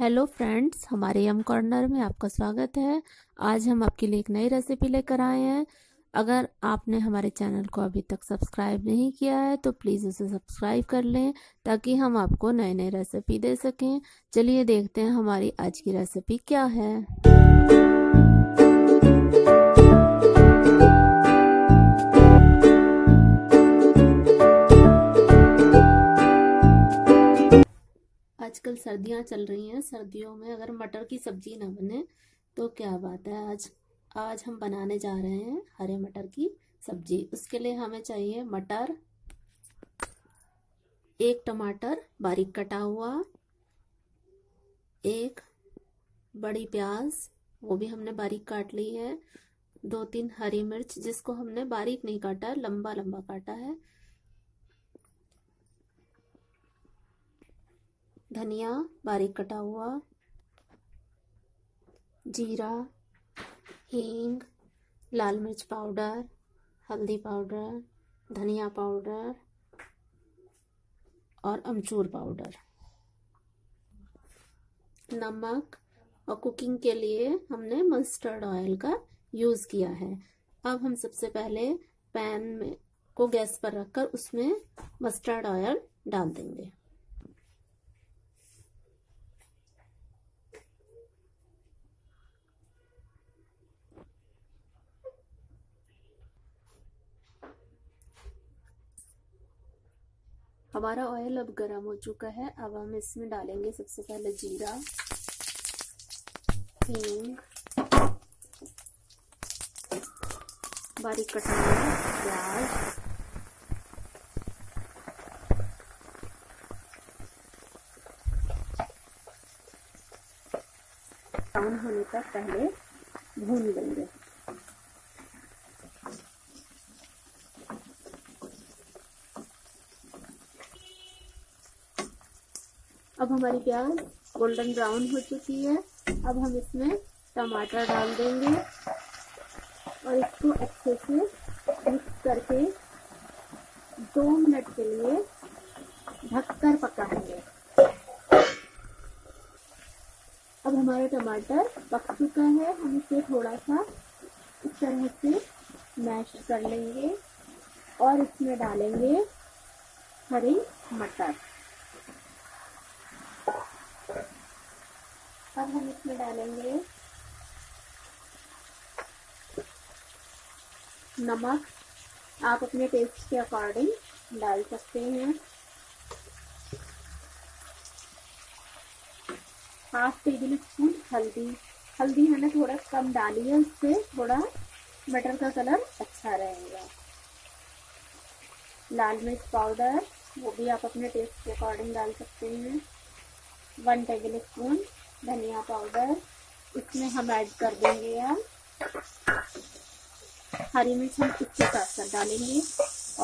hello friends हमारे yum corner में आपका स्वागत है आज हम आपके लिए एक नई रेसिपी लेकर आए हैं अगर आपने हमारे चैनल को अभी तक सब्सक्राइब नहीं किया है तो प्लीज़ उसे सब्सक्राइब कर लें ताकि हम आपको नए नए रेसिपी दे सकें चलिए देखते हैं हमारी आज की रेसिपी क्या है आजकल सर्दियाँ चल रही हैं सर्दियों में अगर मटर की सब्जी ना बने तो क्या बात है आज आज हम बनाने जा रहे हैं हरे मटर की सब्जी उसके लिए हमें चाहिए मटर एक टमाटर बारीक कटा हुआ एक बड़ी प्याज वो भी हमने बारीक काट ली है दो तीन हरी मिर्च जिसको हमने बारीक नहीं काटा लंबा लंबा काटा है धनिया बारीक कटा हुआ जीरा हींग लाल मिर्च पाउडर हल्दी पाउडर धनिया पाउडर और अमचूर पाउडर नमक और कुकिंग के लिए हमने मस्टर्ड ऑयल का यूज़ किया है अब हम सबसे पहले पैन में को गैस पर रखकर उसमें मस्टर्ड ऑयल डाल देंगे हमारा ऑयल अब गर्म हो चुका है अब हम इसमें डालेंगे सबसे पहले जीरा हींग बारीक कटा हुआ प्याज होने तक पहले भून लेंगे अब हमारी प्याज गोल्डन ब्राउन हो चुकी है अब हम इसमें टमाटर डाल देंगे और इसको अच्छे से मिक्स करके दो मिनट के लिए ढककर पकाएंगे अब हमारा टमाटर पक चुका है हम इसे थोड़ा सा इस तरह से मैश कर लेंगे और इसमें डालेंगे हरी मटर अब हम इसमें डालेंगे नमक आप अपने टेस्ट के अकॉर्डिंग डाल सकते हैं हाफ टेबल स्पून हल्दी हल्दी मैंने थोड़ा कम डाली है उससे थोड़ा मटर का कलर अच्छा रहेगा लाल मिर्च पाउडर वो भी आप अपने टेस्ट के अकॉर्डिंग डाल सकते हैं वन टेबल स्पून धनिया पाउडर इसमें हम ऐड कर देंगे हम हरी मिर्च हम इसके साथ साथ डालेंगे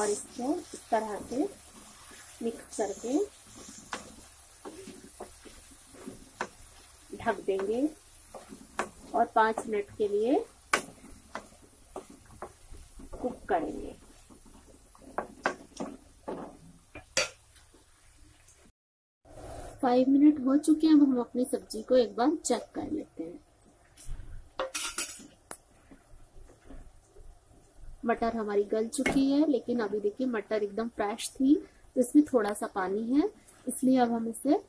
और इसको इस तरह से मिक्स करके ढक देंगे और पांच मिनट के लिए कुक करेंगे फाइव मिनट हो चुके हैं अब हम अपनी सब्जी को एक बार चेक कर लेते हैं मटर हमारी गल चुकी है लेकिन अभी देखिए मटर एकदम फ्रेश थी तो इसमें थोड़ा सा पानी है इसलिए अब हम इसे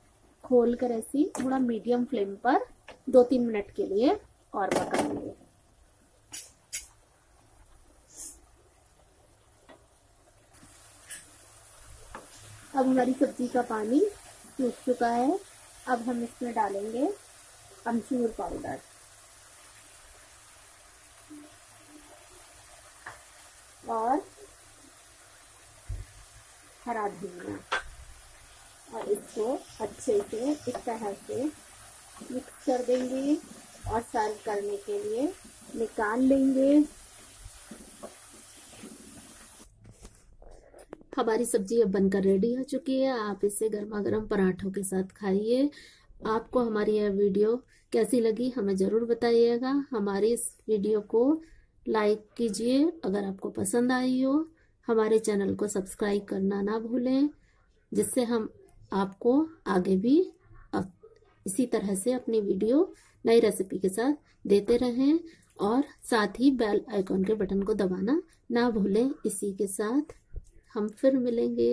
खोल कर ऐसी थोड़ा मीडियम फ्लेम पर दो तीन मिनट के लिए और लेंगे अब हमारी सब्जी का पानी सूख चुका है अब हम इसमें डालेंगे अमचूर पाउडर और हरा धनिया और इसको अच्छे से इस तरह से मिक्स कर देंगे और सर्व करने के लिए निकाल लेंगे हमारी सब्जी अब बनकर रेडी हो चुकी है आप इसे गर्मा गर्म पराठों के साथ खाइए आपको हमारी यह वीडियो कैसी लगी हमें ज़रूर बताइएगा हमारी इस वीडियो को लाइक कीजिए अगर आपको पसंद आई हो हमारे चैनल को सब्सक्राइब करना ना भूलें जिससे हम आपको आगे भी इसी तरह से अपनी वीडियो नई रेसिपी के साथ देते रहें और साथ ही बेल आइकॉन के बटन को दबाना ना भूलें इसी के साथ हम फिर मिलेंगे